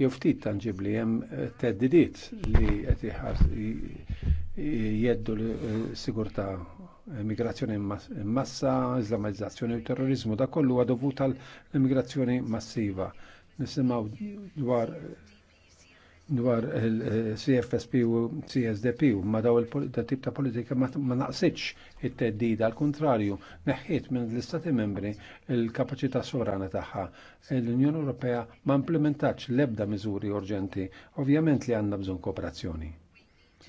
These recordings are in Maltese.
jew ftit tangibli hemm eh, teddidiet li qed jeddu l-sigurtà eh, immigrazzjoni massa, islamizzazzjoni u terrorizmu, da kollu għadovu tal-immigrazzjoni massiva. Nisimaw dwar dwar il-CFSP u CSDP u ma daw il-tip ta' politika ma naqsitx it-teddida, al kontrarju neħħiet minn l-Istati membri il-kapacità sovrana tagħha. L-Unjoni Ewropea ma implementax l-ebda miżuri urġenti, ovvjament li għandna bżonn kooperazzjoni.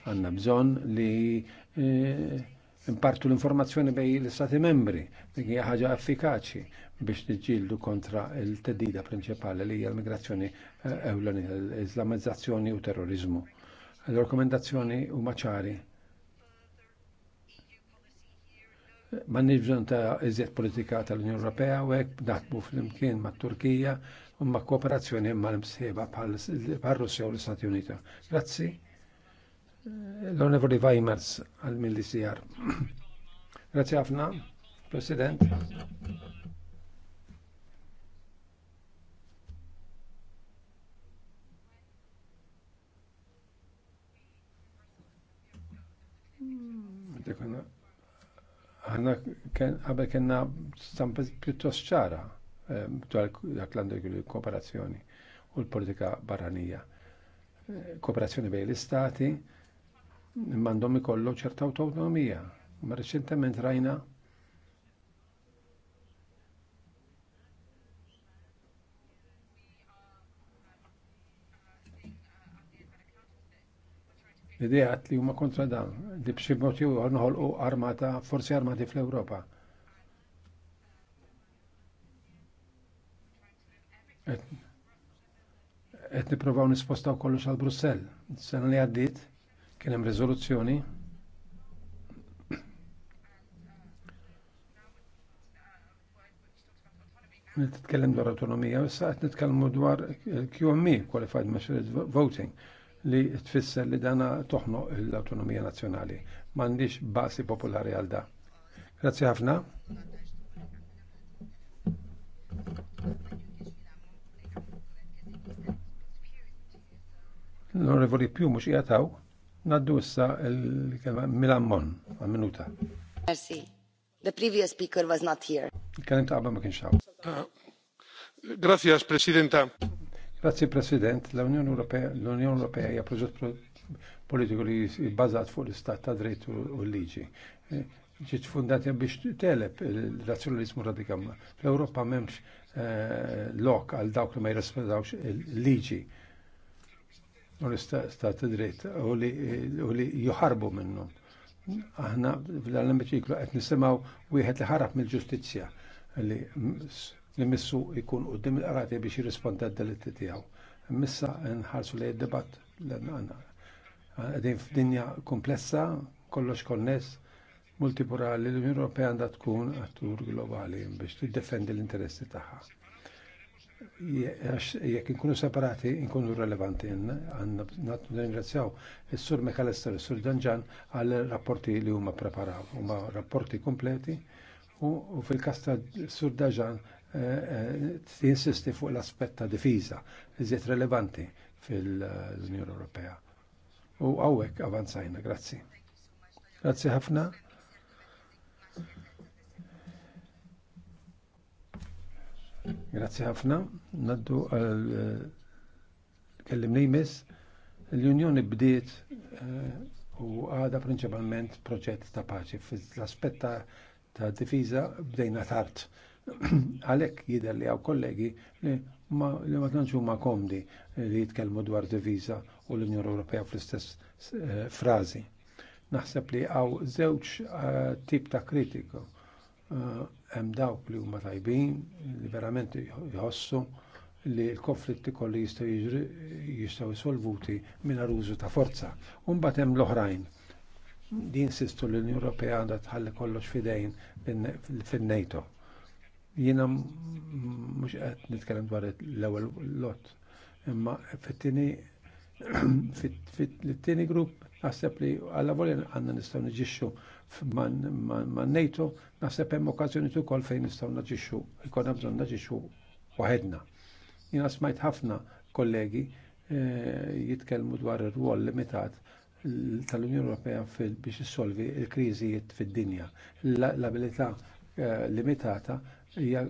Għandna bżonn li eh, impartu l-informazzjoni bej l-Stati membri, dik hija ħaġa effikaċi biex niġġieldu kontra l-tedida prinċipali li hija l-migrazzjoni eh, ewlenija, l-islamizzazzjoni u terrorizmu. L-rekomendazzjoni huma ċari. Ma bżonn ta' iżjed politika tal-Unjoni Ewropea u hekk daħbu flimkien mat-Turkija u ma' kooperazzjoni mal-msieba bħal Russja u l-Istati Uniti. Grazzi l onevoli Weimers għal millisijar Grazie għafna, President. Għanna għabel kena stampa piuttost ċara eh, dwar dak l kooperazzjoni u l-politika barranija. Eh, kooperazzjoni bej l-istati, mandom ikollu ċerta autonomija. Ma reċentament rajna l-idejat li huma kontra dan, li b'xi motiv jew noħolqu armata, forsi armati fl-Ewropa. Qed nippruvaw nispostaw kollox għal Brussell. Sena li għaddiet, Kien hemm riżoluzzjoni Nitkellem dwar autonomija, issa qed nitkellmu dwar QMI, e, Qualified Measured Voting, li tfisser li dana toħno l-autonomija nazzjonali. M'għandix basi popolari għal da. Grazzi ħafna. L-onorevoli più mhux jgħataw. Naddussa il-Milammon, għal-minuta. Merci. The previous speaker was not here. Il-kalim ta' ma kienx hawn. Grazie, Presidenta. Grazie, President. l unjon Europea, l unjon Europea, hija proġett politiku li jibbazat fuq l-istat ta' dritt u l-liġi eh, ġiet fundati biex teleb il-razzjonalizmu radikam. fl europa memx eh, lok għal dawk li ma jirrespetawx l liġi u l-istat dritt u li juħarbu minnhom. Aħna fl-emiċiklu qed nisimgħu wieħed li ħarab mill ġustizja li missu jkun u dim il għarati biex jirrisponda d-delitti tijaw. Missa nħarsu li l debatt għedin f'dinja komplessa, kollox konness, multipurali, l-Unjoni Ewropea għandha tkun attur globali biex tiddefendi l-interessi tagħha jekk inkunu separati, inkunu relevanti. Ringrazzjaw il-Sur Mekalester, il-Sur Danġan għal rapporti li huma preparaw, huma rapporti kompleti u fil-kasta Sur Danġan tinsisti eh, eh, fuq l-aspett ta' difiża, relevanti fil-Unjoni Ewropea. U għawek avanzajna, grazzi. Grazzi ħafna. Grazzi ħafna. Naddu għal eh, kellimni jmiss. L-Unjoni bdiet eh, u għada principalment proġett ta' paċi. fil aspett ta' difiża bdejna tard. Għalhekk jidher li għaw kollegi li ma li ma huma komdi li jitkellmu dwar diviża u l-Unjoni Ewropea fl-istess eh, frażi. Naħseb li hawn żewġ tip ta' kritiku hemm dawk li huma tajbin li verament jħossu li l-konflitti kollu jistgħu jistgħu jsolvuti mingħajr użu ta' forza. U mbagħad hemm l-oħrajn. Din sistu l-Unjoni Ewropea għandha tħalli kollox fidejn fin-NATO. Jiena mhux qed nitkellem dwar l-ewwel lot, imma fit-tieni fit-tieni grupp naħseb li għalla volja għandna nistgħu niġixxu ma' NATO naħseb hemm tu kol fejn nistgħu naġixxu, jkollna bżonn naġixxu waħedna. Jiena smajt ħafna kollegi eh, jitkellmu dwar ir-rwol limitat tal-Unjoni Ewropea biex issolvi l-kriżijiet fid-dinja. L-abilità eh, limitata hija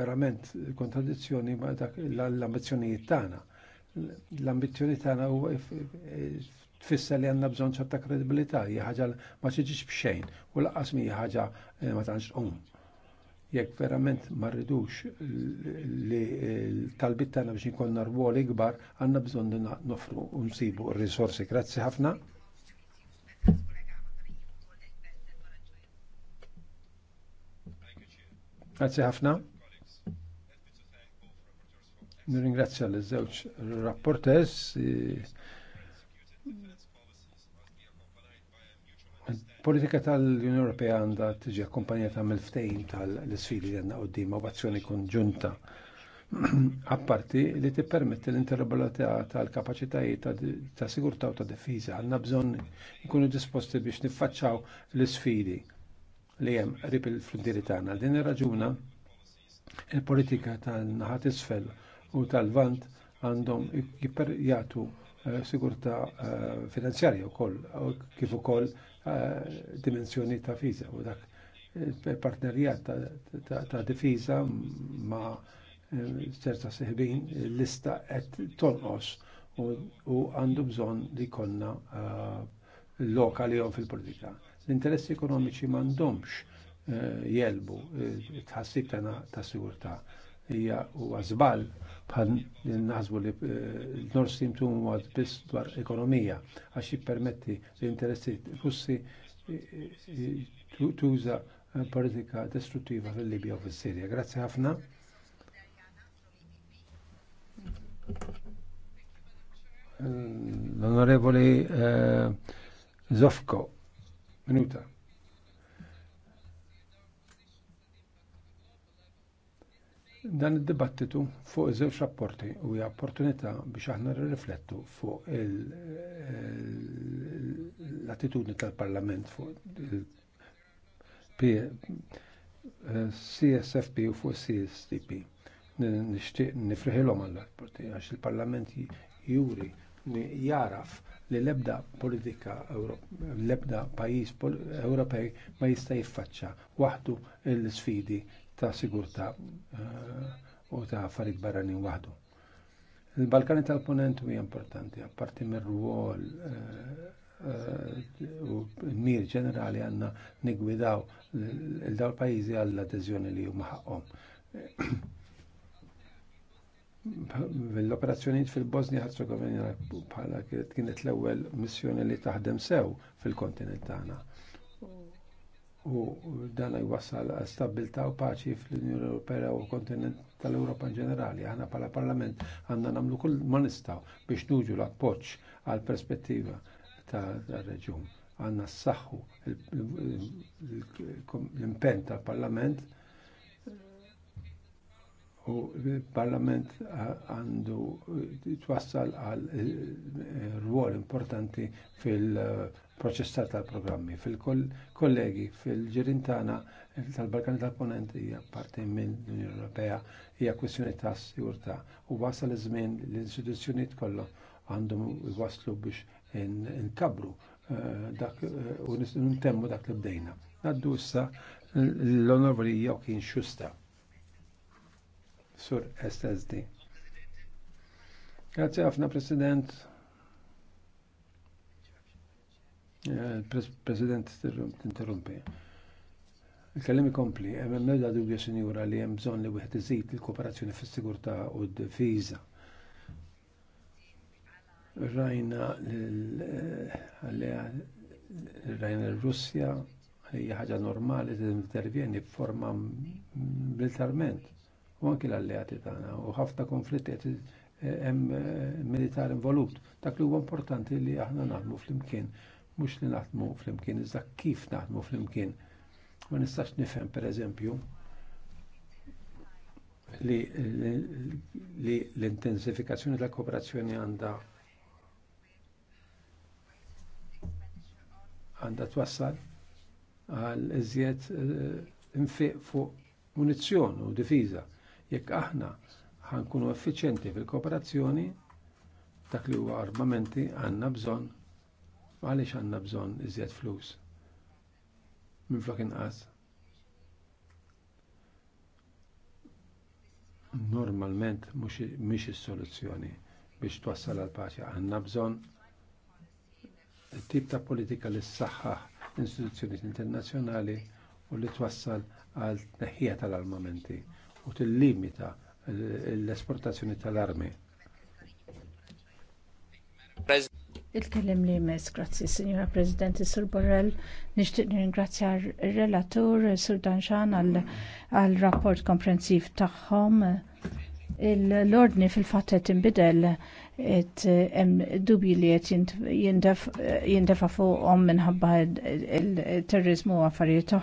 verament kontradizzjoni ma' dak l-ambizzjonijiet tagħna l-ambizjoni tagħna huwa eh, tfisser li għanna bżon ċerta kredibilità, hija ma ċiġiġ b'xejn u laqqas mi ħaġa eh, ma tantx um. Jek verament marridux rridux li talbit tagħna biex ikollna rwol ikbar, għanna bżon li nofru u nsibu r-risorsi. Grazzi ħafna. Grazzi ħafna. Nirringrazzja l-żewġ rapporters eh, Politika tal-Unjoni Ewropea għandha tiġi akkumpanjata mill-ftehim tal-isfidi li għandna quddiem azzjoni konġunta. Apparti li tippermetti l-interoperabilità tal-kapaċitajiet ta' sigurtà u ta' diffiża għandna bżonn ikunu disposti biex niffaċċaw l-isfidi li hemm qrib il-fruntieri tagħna. Din ir-raġuna il-politika tal naħat isfel u tal-vant għandhom jagħtu Eh, sigurta eh, finanzjarja u koll, kif u koll eh, dimensjoni ta' fiza u dak partnerijat ta' difiza ma' ċerta seħbin lista et tonqos u għandu bżon li konna lokali jom fil-politika. L-interessi ekonomiċi m'għandhomx jelbu tħassib ta' sigurta' hija huwa żball bħal naħsbu li l-Nord eh, Stream 2 għad biss dwar ekonomija għax jippermetti l-interessi russi eh, eh, tuża politika destruttiva fil-Libja u fil-Sirja. Grazzi ħafna. L-Onorevoli Zofko, minuta. Dan id-dibattitu fuq iż-żewġ rapporti u hija opportunità biex aħna riflettu fuq l-attitudni tal-Parlament fuq CSFP u fuq CSTP. Nixtieq nifriħilhom għall-rapporti għax il-Parlament juri jaraf li l-ebda politika l-ebda pajjiż Ewropej ma jista' jiffaċċa waħdu l-sfidi ta' sigurtà eh, u ta' affarijiet barranin waħdu. Il-Balkani tal-Ponent huwa importanti, apparti mir-rwol eh, eh, u mir ġenerali għanna nigwidaw l daw pajizi għall-adeżjoni li huma ħaqhom. L-operazzjonijiet fil-Bosnia Herzegovina bħala kienet l-ewwel missjoni li taħdem sew fil-kontinent tagħna u dan jwassal stabilta u paċi fl-Unjoni Ewropea u kontinent tal-Europa in ġenerali. Aħna pala parlament għandna namlu kull ma nistaw biex nuġu l-appoċ għal perspettiva tal-reġun. Għanna s-saxhu l-impen tal-parlament u il-Parlament għandu twassal għal ruol importanti fil-proċessat tal-programmi. Fil-kollegi, fil-ġirintana tal balkan tal-Ponent hija parti minn l-Unjoni Ewropea hija kwestjoni ta' sigurtà u wasal iż-żmien l-istituzzjonijiet kollha għandhom waslu biex nkabru dak u nintemmu dak li bdejna. Naddu issa l-onorvoli jew kien xusta sur SSD. Grazie ħafna President. Eh, President interrumpi. il kellimi ikompli, hemm meda dubja sinjura li hemm bżonn li wieħed iżid il-kooperazzjoni fis-sigurtà u d-difiża. Rajna rajna l-Russja hija ħaġa normali tintervjeni b'forma militarment u anki l-alleati tagħna u ħafna konflitti e, hemm e, militar involut. Dak li huwa importanti li aħna naħdmu flimkien, mhux li naħdmu flimkien, iżda kif naħdmu flimkien. Ma nistax nifhem pereżempju li l-intensifikazzjoni tal kooperazzjoni għandha għandha twassal għal iżjed e, infiq fuq munizzjon u difiża Jekk aħna ħankunu effiċenti fil-kooperazzjoni, dak li huwa armamenti għandna bżonn għaliex għandna bżonn iżjed flus. Minn flok inqas. Normalment mhux is-soluzzjoni biex twassal għal paċi għandna bżonn tip ta' politika li s l-istituzzjoni internazzjonali u li twassal għal tneħħija tal-armamenti u tillimita l-esportazzjoni tal-armi. Il-kellim li mes, grazzi, Signora Presidenti, Sir Borrell, nishtiq ringrazzja il-relatur, Sir Danxan, għal-rapport komprensiv taħħom. L-ordni fil fattet imbidel et em dubji li et jindefa fuqom minħabba il-terrorizmu u affarijiet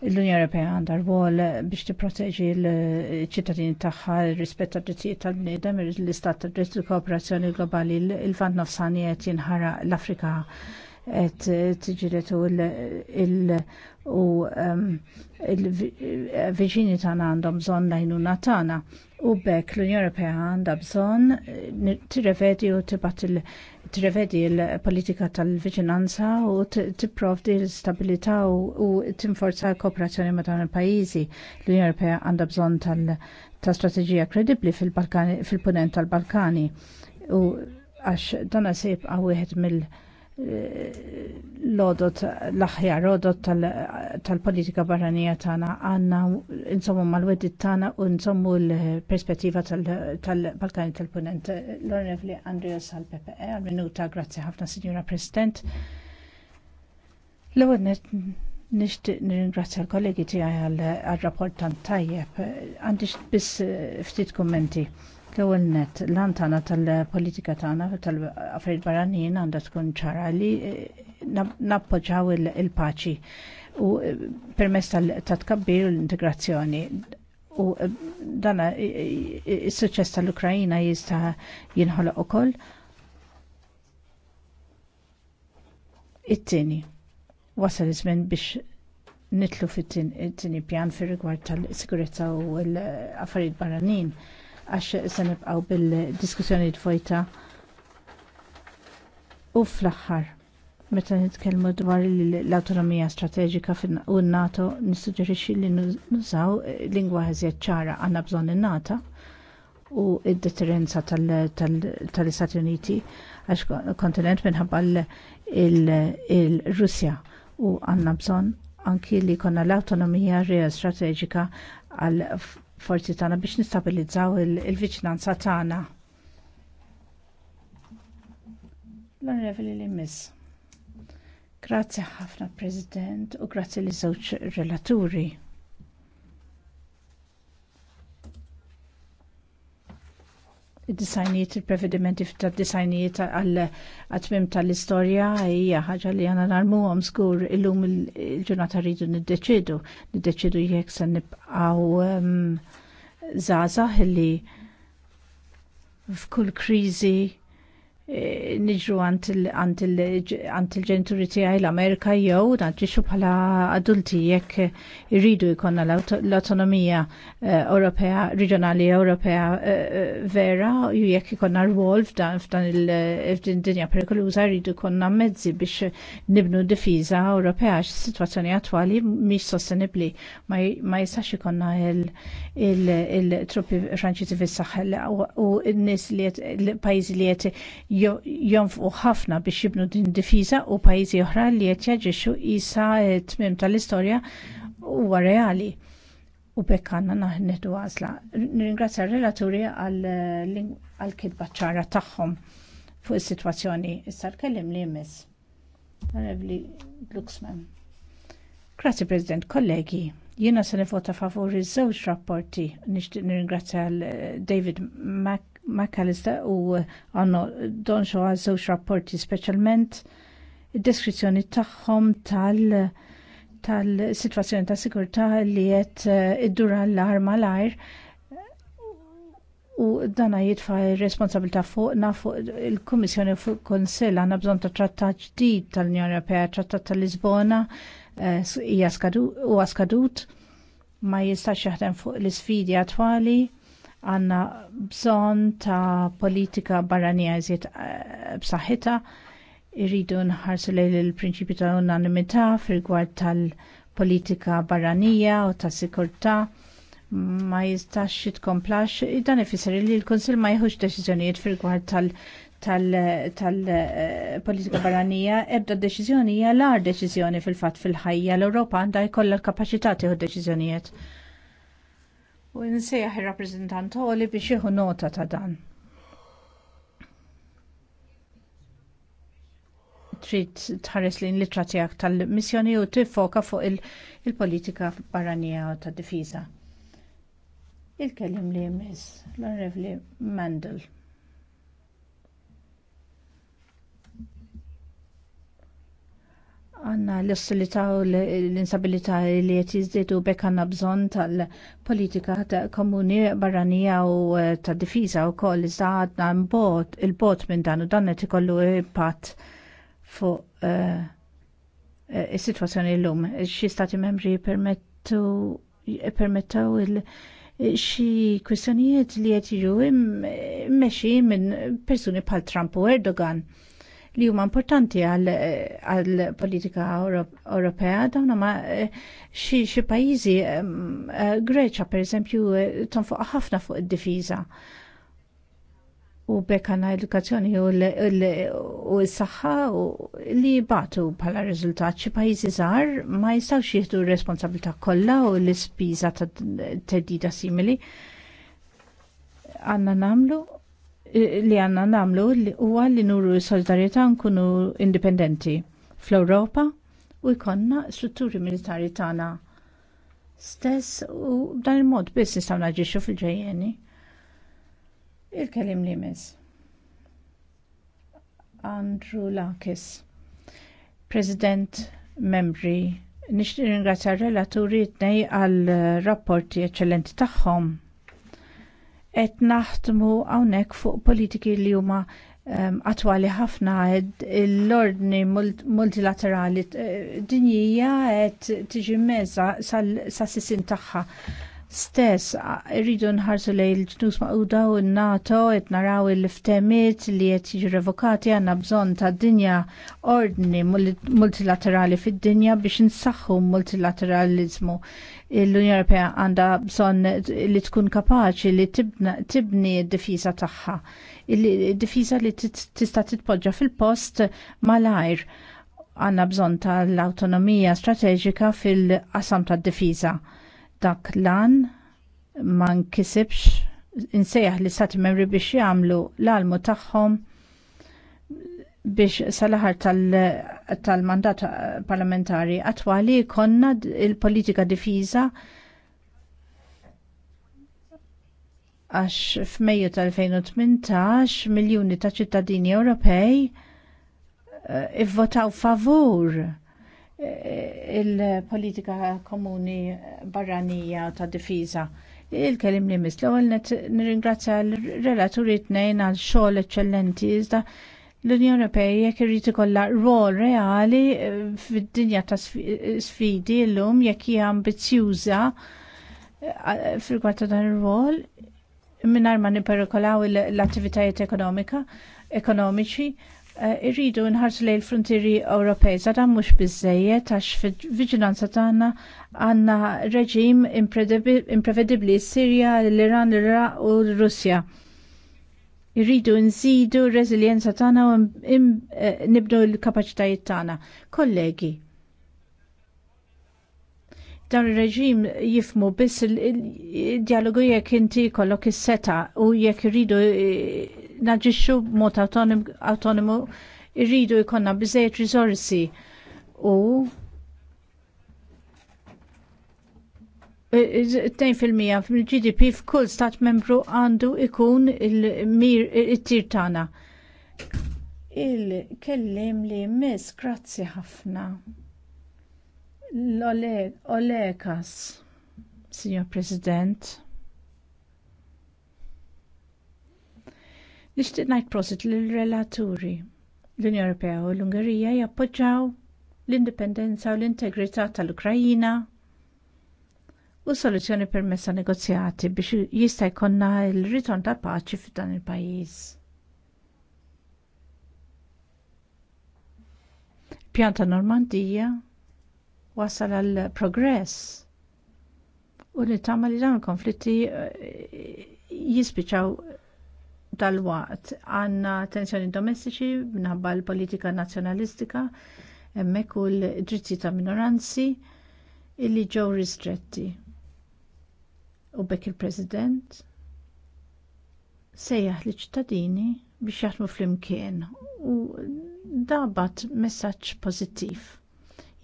l-Unjoni Ewropea għandha rwol biex tipproteġi l-ċittadini tagħha rispett tad-drittijiet tal-bniedem, l-istat tad-dritt, l kooperazzjoni globali, il-vant nofsani qed jinħaraq l-Afrika et tiġilet u il-viġini tana għandhom bżon lajnuna tana. U bekk l-Unjoni Ewropea għandha bżonn eh, tirrevedi u tibat il tirrevedi l-politika tal-viġinanza u tipprovdi l stabilita u tinforza l-kooperazzjoni ma' dawn il-pajjiżi. L-Unjoni Ewropea għandha bżonn tal ta' strateġija kredibbli fil-punent tal-Balkani u għax dan se għawihet wieħed mill- l-odot, l-aħjar odot tal-politika barranija tagħna għandna insommu mal-wedit tagħna u insommu l-perspettiva tal-Balkani tal-Punent. L-Onorevli Andreas għal-PPE, eh, għal-minuta, grazzi ħafna, Signora President. L-ewwel nixtieq nirringrazzja l-kollegi tiegħi għal-rapport tant tajjeb. Għandi biss ftit kummenti L-ewwel net, lan tana tal-politika tagħna tal-affarijiet barranin għandha tkun ċara li eh, nappoġġaw il-paċi u eh, permess tat-tkabbir u l-integrazzjoni. U eh, dana, is-suċċess tal-Ukrajina jista' jinħoloq ukoll. It-tieni wasal iż-żmien biex nitlu fit-tieni pjan fir rigward tal-sikurezza u l-affarijiet barranin għax se nibqgħu bil-diskussjoni d-fojta. U fl-aħħar, meta nitkellmu dwar l-autonomija strateġika u n-NATO, nissuġġerixxi li nużaw eh, lingwa ħeżjed ċara għandna bżonn in-NATO u id deterenza tal-Istati Uniti għax kontinent minħabba l russja u għandna bżonn anki li konna l-autonomija reja strateġika għal forzi tagħna biex nistabilizzaw il-viċinanza tagħna. L-Onorevoli miss. Grazzi ħafna President u grazzi li żewġ relaturi. id-disajnijiet, il-prevedimenti tad disajnijiet għal-għatmim tal-istoria hija ħaġa li għana narmu għom skur il-lum il-ġurnata rridu nid-deċidu, nid-deċidu jek se nibqaw zaza li f'kull krizi niġru għant il-ġenituri tiegħi l-Amerika jew naġġixu bħala adulti jekk irridu jkollna l-autonomija eh, Ewropea, Regionali Ewropea eh, eh, vera, ju jekk ikollna rwol f'dan il-dinja perikoluża jridu jkollna mezzi biex nibnu difiża Ewropea x-sitwazzjoni attwali mhix sostenibbli ma jistax ikollna il-truppi Franċiżi fis-saħħel u n-nies li pajjiżi li jonfqu ħafna biex jibnu din difiża u pajjiżi oħra li qed jaġixxu isa tmiem tal-istorja huwa reali. U bekk għandna naħnedu għażla. Nirringrazzja r-relaturi għall-kitba ċara tagħhom fuq is-sitwazzjoni. Issa l-kellim li jmiss. Revli Luxman. Grazie President, kollegi. Jiena se nivota favur iż-żewġ rapporti. Nixtieq nirringrazzja David Mac McAllister u għanno Don għal żewġ rapporti speċjalment id-deskrizzjoni tagħhom tal- tal-situazzjoni ta' sikurtà li qed eh, iddura l-ar mal-ajr u dana jitfa responsabilità responsabilta' fuq fuq il-Kummissjoni fuq Konsell għanna bżon ta' trattat ġdid tal-Unjoni Ewropea, trattat tal-Lisbona eh, u skadut ma jistax jaħdem fuq l-isfidi attwali Għanna bżon ta' politika barranija eżiet eh, b'saħħitha, irridu nħarsu lejn il-prinċipju ta' unanimità fil-gwad tal-politika barranija u ta' sikurtà ma jistax jitkomplax, dan ifisser li l-Konsil ma jħux deċiżjonijiet fil-gwad tal- tal-politika tal, eh, barranija, ebda deċiżjoni hija l-ar deċiżjoni fil-fat fil-ħajja l-Ewropa għandha jkollha l-kapaċità tieħu deċiżjonijiet u nsejjaħ ir-rappreżentant li biex jieħu nota ta' dan. Trid tħares lin litra tiegħek tal-missjoni u tiffoka fuq il-politika barranija u tad difiża. Il-kellim li jmiss, l-Onorevli Mandel. għanna l-ostilità u l-insabilità li qed jiżdiedu bekk għandna bżonn tal-politika ta' komuni barranija u eh, ta' difiża wkoll iżda għadna il-bot minn dan u dan qed ikollu impatt fuq eh, eh, is-sitwazzjoni llum. Xi stati membri permettew il- xi kwistjonijiet li qed jiġu mmexxi minn persuni bħal Trump u Erdogan li huma importanti għal politika Ewropea dawna ma eh, xi xi pajjiżi eh, Greċa pereżempju eh, tonfoq ħafna fuq id-difiża u bekkana edukazzjoni u s-saxħa li batu bħala rizultat xi pajjiżi żgħar ma jistgħux jieħdu r-responsabilità kollha u l-ispiża ta' teddida simili għandna namlu li għanna namlu huwa li nuru solidarieta nkunu indipendenti fl-Europa u jkonna strutturi militari tagħna stess u b'dan il-mod biss nistgħu naġixxu fil-ġejjeni. Il-kelim li mis. Andrew Lakis, President Membri, nixtieq ringrazzja relaturi tnej għal rapporti eċċellenti tagħhom qed naħdmu hawnhekk fuq politiki li huma ehm, attwali ħafna l-ordni multilaterali dinjija qed tiġi meza sas sissin tagħha. Stess, rridu nħarsu lej l-ġnus maquda u n-NATO qed naraw il-ftemiet li qed jiġi revokati għandna bżonn ta' dinja ordni multilaterali fid-dinja biex nsaħħu multilateralizmu l-Unjoni Ewropea għandha bżonn li tkun kapaċi li tibni d-difiża tagħha. Id-difiża li tista' titpoġġa fil-post malajr għandna bżonn tal-awtonomija strateġika fil-qasam tad-difiża. Dak lan ma nkisibx insejjaħ li stati membri biex jagħmlu l-almu tagħhom biex sal-aħar tal-mandat tal parlamentari attwali konna il-politika difiża għax f'Mejju tal-2018 miljuni ta' ċittadini Ewropej eh, ivvotaw favur eh, il-politika komuni barranija ta' difiża. Il-kelim li mislu għal nirringrazzja l-relaturi t-nejn għal xogħol eccellenti iżda l-Unjoni Ewropea jekk irid ikollha rol reali eh, fid-dinja ta' eh, sfidi llum jekk hija ambizzjuża eh, fil ta' dan ir-rol mingħajr ma nipperikolaw l-attivitajiet ekonomika ekonomiċi irridu nħarsu lejn il-frontieri Ewropej dan mhux biżejjed għax fil-viġilanza tagħna għandna reġim imprevedibbli s-Sirja, l-Iran, l-Iraq u l-Russja. l iran l iraq u l russja iraq u l russja irridu nżidu r-reżiljenza tagħna u eh, nibdu l-kapaċitajiet tagħna. Kollegi, dan ir-reġim jifmu biss il-dialogu jekk inti kollok is-seta u jekk irridu eh, naġixxu b'mod autonomu irridu jkollna biżejjed risorsi u 2% fil-GDP f'kull stat membru għandu ikun il-mir it-tir tagħna. Il-kellim li jmiss grazzi ħafna. L-Olekas, Signor President. Nixtieq ngħid prosit l relaturi l-Unjoni Ewropea u l-Ungerija jappoġġaw l-indipendenza u l-integrità tal-Ukrajina u soluzzjoni permessa negozjati biex jista' jkollna l-ritorn ta' paċi f'dan il-pajjiż. Pjanta Normandija wasal għal progress u li tama li dawn konflitti eh, jispiċaw dal-waqt għanna tensjoni domestiċi minħabba l-politika nazjonalistika emmek u l-dritti ta' minoranzi illi ġew ristretti u bekk il-President sejjaħ li ċittadini biex jaħdmu fl-imkien u dabat messaġġ pożittiv.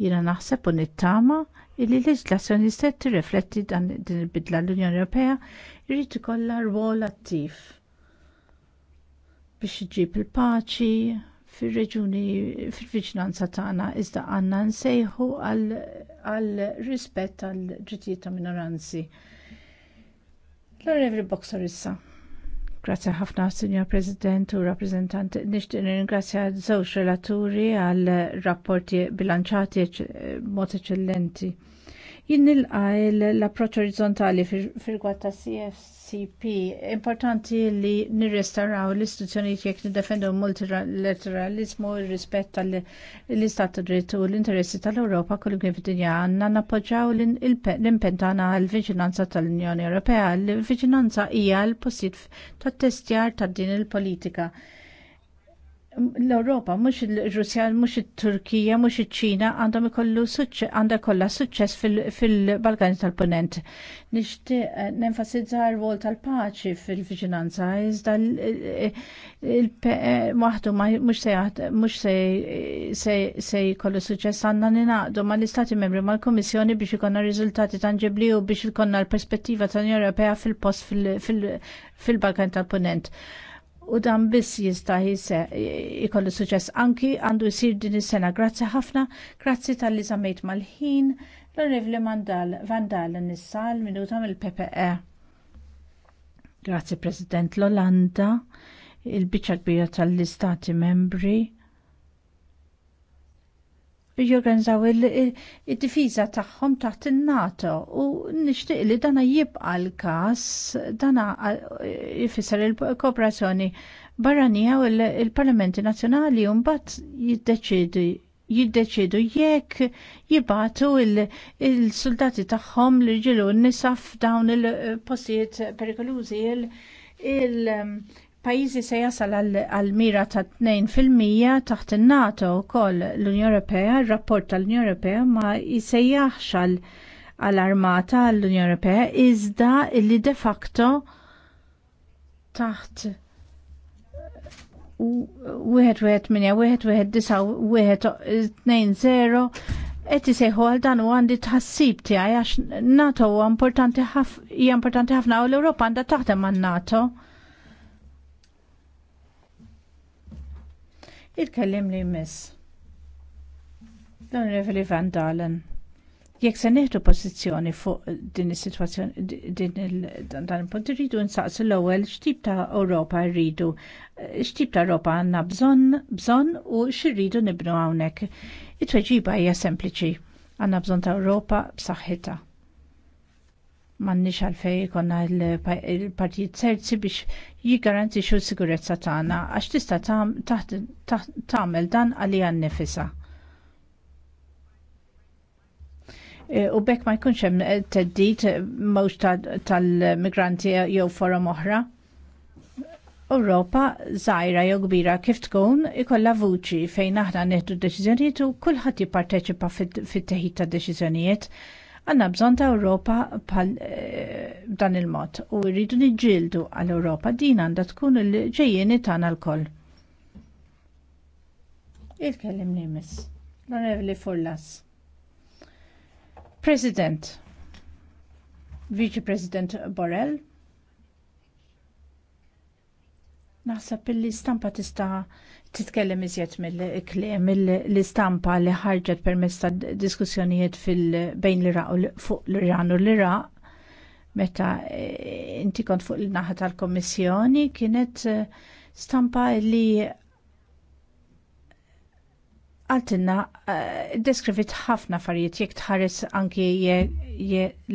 Jina naħseb u nittama illi l-leġlazzjoni se rifletti dan din il-bidla l-Unjoni Ewropea jrid ikollha rwol attiv biex iġib il-paċi fir-reġuni fil-viċinanza tagħna iżda għandna nsejħu għal rispett għal ġittijiet ta' minoranzi L-Onorevoli Boxer issa. Grazie ħafna, Signor President u Rappresentant. Nishtiq ringrazzja żewġ relaturi għal rapporti bilanċati eh, mod eċċellenti. Jinnilqa l-approċ orizzontali fil gwat ta' CFCP. Importanti li nirrestaraw l-istituzzjonijiet jekk nidefendu multilateralizmu, il-rispett tal-istat dritt u l-interessi tal-Ewropa kollu kif fid-dinja għandna nappoġġaw l-impentana għal vigilanza tal-Unjoni Ewropea. L-viġinanza hija l possit tat-testjar tad din il-politika l-Europa, mux il-Russja, mux il-Turkija, mux il-ċina, għandhom ikollu għandha kollha suċċess fil-Balkani tal-Ponent. Nixtieq eh, nenfasizza r wol tal-paċi fil-viġinanza, iżda waħdu mhux se jkollu suċċess għandna ninaqdu mal istati membri mal-Kummissjoni biex ikonna riżultati tanġibli u biex ikonna l-perspettiva tal fil-Balkan tal-Ponent. fil-post fil balkan tal-Ponent. fil post fil balkani tal punent u dan biss jista' ikollu suċess anki għandu jsir din is-sena. Grazzi ħafna, grazzi tal-li żammejt mal-ħin. L-Rivli Mandal Vandal nissal minuta mill-PPE. Grazzi President l-Olanda, il-biċċa kbira tal-Istati membri jorganizzaw il-difiża tagħhom taħt il-NATO u nixtieq li dana jibqa l-każ dana jfisser eh, il-kooperazzjoni barranija u l-Parlamenti Nazzjonali u mbagħad jiddeċidu jiddeċidu jekk jibatu il-soldati tagħhom li ġilu nisa f'dawn il-postijiet perikolużi il- pajjiżi se jasal għal mira ta' 2% taħt in-NATO wkoll l-Unjoni Ewropea, ir-rapport tal-Unjoni Ewropea ma jisejjaħx għall armata l-Unjoni Ewropea iżda li de facto taħt wieħed wieħed minja wieħed wieħed disa wieħed tnejn zero qed isejħu għal dan u għandi tħassib tiegħi għax NATO huwa importanti ħafna hija importanti ħafna u l-Ewropa għandha taħdem għan NATO Il-kellim li jmiss. Don Reveli Van Dalen. Jekk se neħdu pożizzjoni fuq din is-sitwazzjoni din dan il-punt irridu nsaqsu l-ewwel x'tip ta' Ewropa rridu, x'tip ta' Ewropa għandna bżonn bżonn u x'irridu nibnu hawnhekk. It-tweġiba hija sempliċi. Għandna bżonn ta' Ewropa b'saħħitha mannix għalfej konna il-partijiet serzi biex jigaranti xu sigurezza tagħna għax tista' tagħmel dan għalija nnifisha. E, u bekk ma jkunx hemm teddit e, mhux tal-migranti jew forom oħra. Europa żgħira jew kbira kif tkun ikollha vuċi fejn aħna neħdu deċiżjonijiet u kulħadd jipparteċipa fit-teħid ta' deċiżjonijiet. Għanna bżon ta' Ewropa pal eh, dan il-mod u rridu niġġieldu għal Ewropa din għandha tkun il-ġejjeni tagħna l-koll. Il-kellim nimis, l-onorevoli Furlas. President, Vice President Borrell, Naħseb il-istampa tista' titkellem iżjed mill-kliem l-istampa li ħarġet permezz ta' diskussjonijiet bejn l-Iraq fuq l-Iran u l-Iraq meta eh, inti kont fuq il-naħa tal-Kommissjoni kienet eh, stampa li għaltinna eh, deskrivit ħafna farijiet jek tħares anki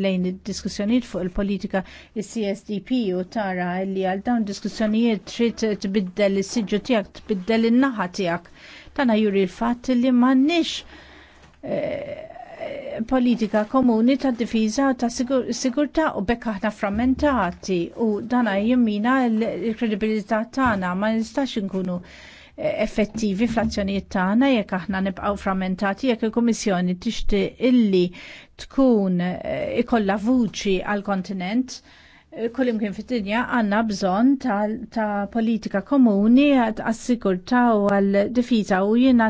lejn id diskussjonijiet fuq il-politika il-CSDP u tara li għal dawn diskussjonijiet trid tbiddel is-siġġu tiegħek tbiddel in-naħa tiegħek. Tana juri l-fatt li m'għandniex eh, politika komuni ta' difiża u ta' sigurtà u bekk aħna frammentati u dana jimmina l-kredibilità tagħna ma nistax inkunu effettivi fl-azzjonijiet tagħna jekk aħna nibqgħu frammentati jekk il-Kummissjoni tixtieq illi tkun eh, ikollha vuċi għall kontinent eh, kull imkien fid-dinja għandna bżonn ta', politika komuni għas-sigurtà u għal-difiża u jiena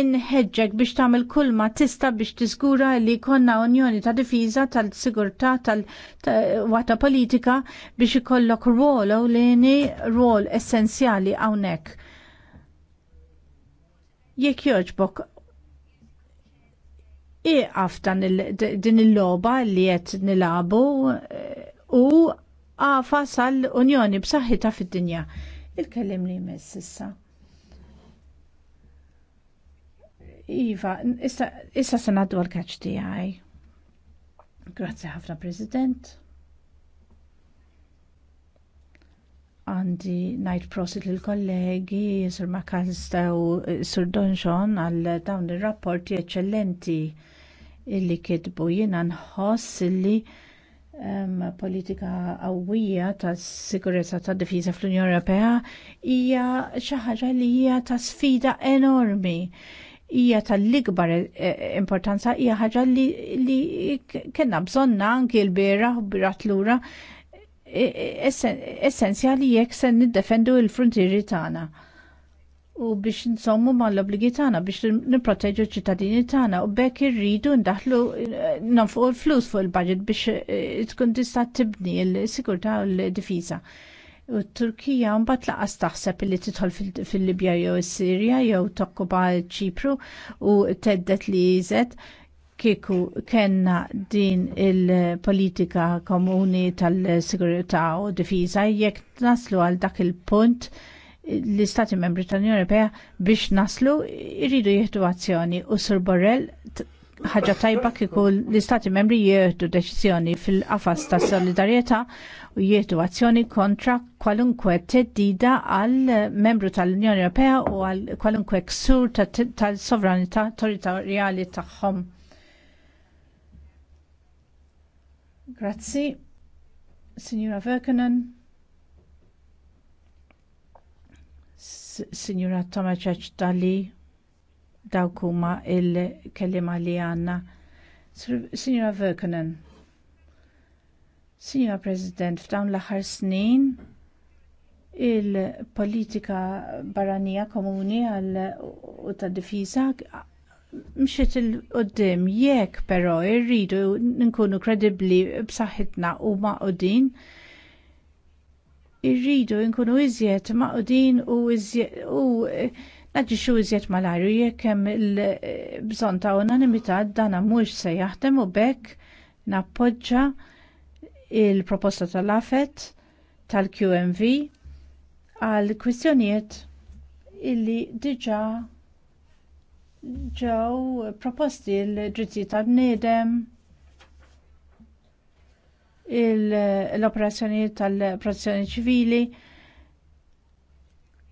inħeġġek biex tagħmel kull ma tista' biex tiżgura li jkollna unjoni ta' difiża tal-sigurtà tal-wata politika biex ikollok rwol ewlieni rwol essenzjali hawnhekk Jekk joġbok iqaf din il-loba li qed nilabu eh, u għafa sal-Unjoni b'saħħitha fid-dinja. Il-kellim li jmess issa. Iva, issa se ngħaddu għal-kaċ tiegħi. Grazzi ħafna, President. għandi najt prosit l-kollegi, Sir Makansta u eh, Sir Donjon għal dawn il-rapporti eccellenti illi kitbu jina nħoss illi um, politika qawwija tas sigurezza tad difiża fl-Unjoni Ewropea hija xi ħaġa li hija ta' sfida enormi hija tal-ikbar eh, importanza hija ħaġa li, li kena bżonna anki l-bera u birat lura essenzjali jekk se niddefendu il frontieri tagħna u biex nsommu ma l-obligi tagħna biex nipproteġu ċ-ċittadini tagħna u bekk irridu ndaħlu nafu l flus fuq il-budget biex eh, tkun tista' tibni l-sigurtà u l-difiża. U Turkija mbagħad laqas taħseb li tidħol fil-Libja jew is-Sirja jew tokkupa ċipru u teddet li jizet kieku kenna din il-politika komuni tal-sigurità u difiża jekk naslu għal dak il-punt l-Istati Membri tal-Unjoni Ewropea biex naslu jridu jieħdu azzjoni u Sur Borrell ħaġa tajba kieku l-Istati Membri jieħdu deċiżjoni fil-qafas ta' solidarjetà u jieħdu azzjoni kontra kwalunkwe teddida għal membru tal-Unjoni Ewropea u għal kwalunkwe ksur tal-sovranità territorjali tagħhom Grazzi, Signora Verkenen. Signora Tomacic Dali, dawkuma il-kellima li għanna. Signora Verkenen, Signora President, f'dawn l-aħħar snin il-politika barranija komuni għal u ta' mxiet il-qoddim jekk però irridu nkunu kredibbli b'saħħitna u maqudin irridu nkunu iżjed maqudin u iżjed u eh, naġixxu iżjed malajru jekk hemm il-bżonn ta' unanimità dan mhux se jaħdem u bekk nappoġġa il-proposta tal-AFET tal-QMV għal kwistjonijiet illi diġa' ġew proposti l-ġittijiet tan-niedem l-operazzjonijiet tal-protezzjoni ċivili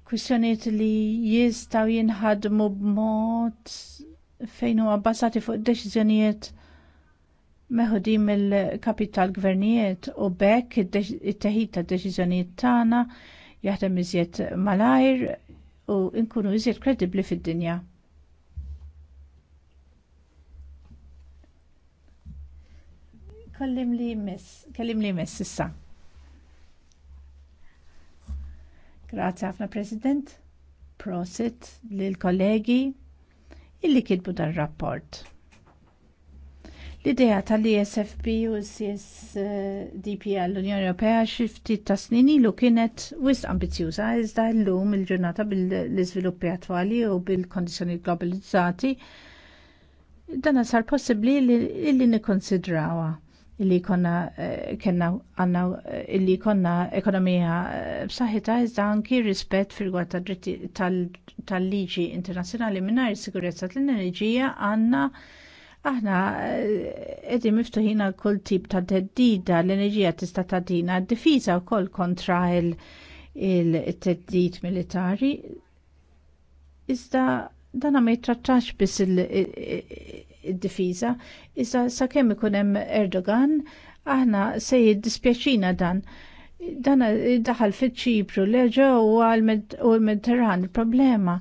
kwistjonijiet li jistgħu jinħadmu b'mod fejn huwa bbażati fuq deċiżjonijiet meħudin mill-kapital gvernijiet u bekk it-teħid ta' deċiżjonijiet tagħna jaħdem iżjed malajr u nkunu iżjed kredibbli fid-dinja. Kellim li jmiss, kellim li jmiss issa. Grazie ħafna President, prosit l kollegi illi kitbu dar rapport. L-idea tal-ISFP u CSDP għall-Unjoni Ewropea xi ftit ta' snin ilu kienet wisq ambizjuża iżda llum il-ġurnata bil-iżviluppi attwali u bil-kondizzjoni globalizzati dan sar possibbli li, li nikkonsidrawha illi konna eh, kenna għanna eh, illi konna ekonomija eh, b'saħħitha iżda anki rispett fil dritti tal-liġi internazzjonali mingħajr sigurezza tal-enerġija għandna aħna qegħdin miftuħin għal kull tip ta' teddida l-enerġija tista' tagħdina d-difiża wkoll kontra il-teddid militari iżda dana ma jittraċċax biss il-difiża, iżda sakemm ikun hemm Erdogan, aħna se jiddispjaċina dan. Dana daħal fit ċipru leġo u l-Mediterran, il-problema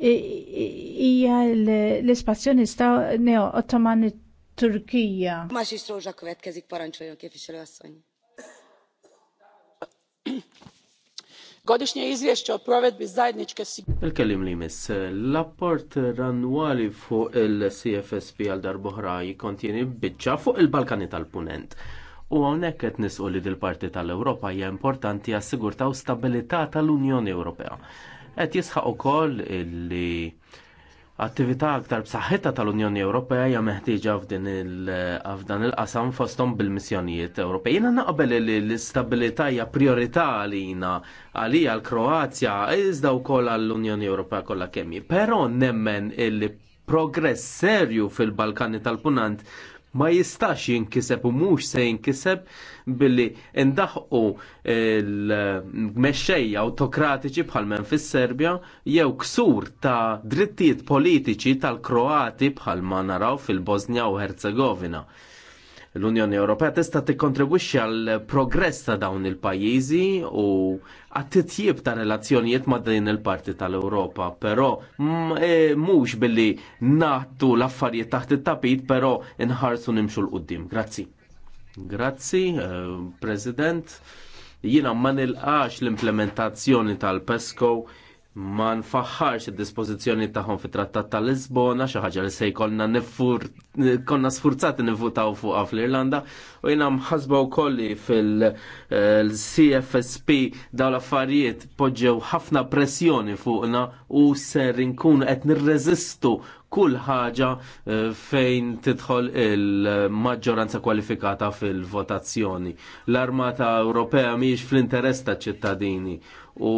hija l-espazzjonista neo-Ottomani Turkija. Ma xi stroġa kvet kezik paranċojon kif ixelu Godišnje izvješće o provedbi zajedničke Il-kellim li miss, l-apport rannwali fuq il-CFSP għal darbohra jikontjeni bieċa fuq il-Balkani tal-Punent. U għonek qed nisqu li dil-parti tal-Ewropa hija importanti għas-sigurtà u stabilità tal-Unjoni Ewropea. Qed jisħaq ukoll li Attività aktar b'saħħitha tal-Unjoni Ewropea hija meħtieġa f'dan il-qasam fosthom bil-missjonijiet Ewropej. Jiena naqbel li l-istabilità hija priorità għalina għalija l-Kroazja iżda wkoll għall-Unjoni Ewropea kollha kemm. Però nemmen il progress serju fil-Balkani tal-Punant ma jistax jinkiseb u mhux se jinkiseb billi ndaħqu l-mexxej awtokratiċi bħal men fis-Serbja jew ksur ta' drittijiet politiċi tal-Kroati bħal ma naraw fil-Bosnja u Herzegovina. L-Unjoni Ewropea tista' tikkontribwixxi għal progress ta' dawn il-pajjiżi u għat-titjib ta' relazzjonijiet ma' din il-parti tal-Ewropa, però e, mhux billi naħtu l-affarijiet taħt it-tapit, però inħarsu nimxu l-qudiem. Grazzi. Grazzi, eh, President. Jiena ma nilqax l-implementazzjoni tal-PESCO ma nfaħħarx id-dispożizzjoni tagħhom fit-Trattat ta' Lisbona xi ħaġa li se jkollna konna sfurzati nivvutaw fuqha fl-Irlanda u jiena mħasba wkoll fil-CFSP dawn l-affarijiet poġġew ħafna pressjoni fuqna u ser inkun qed nirreżistu kull ħaġa eh, fejn tidħol il-maġġoranza kwalifikata fil-votazzjoni. L-Armata Ewropea mhijiex fl-interess taċ ċittadini u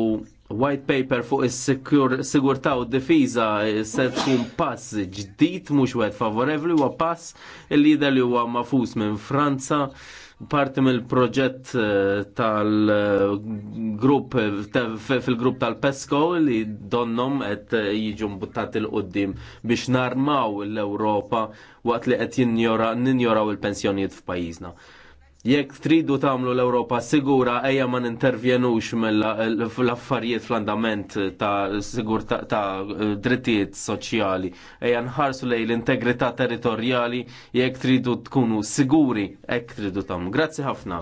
white paper fuq is-sigurtà u d-difiża se tkun pass ġdid mhux wieħed favorevli huwa pass il-lider li huwa mafus minn Franza parti mill-proġett eh, tal-grupp fil-grupp tal-PESCO li donnom qed eh, jiġu mbuttat il-qoddim biex narmaw l-Ewropa waqt li qed ninjoraw il-pensjonijiet f'pajjiżna jekk tridu tagħmlu l-Ewropa sigura ejja ma nintervjenux mill-affarijiet eh, fl-andament ta' sigur ta', ta drittijiet soċjali. Ejja nħarsu lej l-integrità territorjali jekk tridu tkunu siguri hekk tridu tagħmlu. Grazzi ħafna.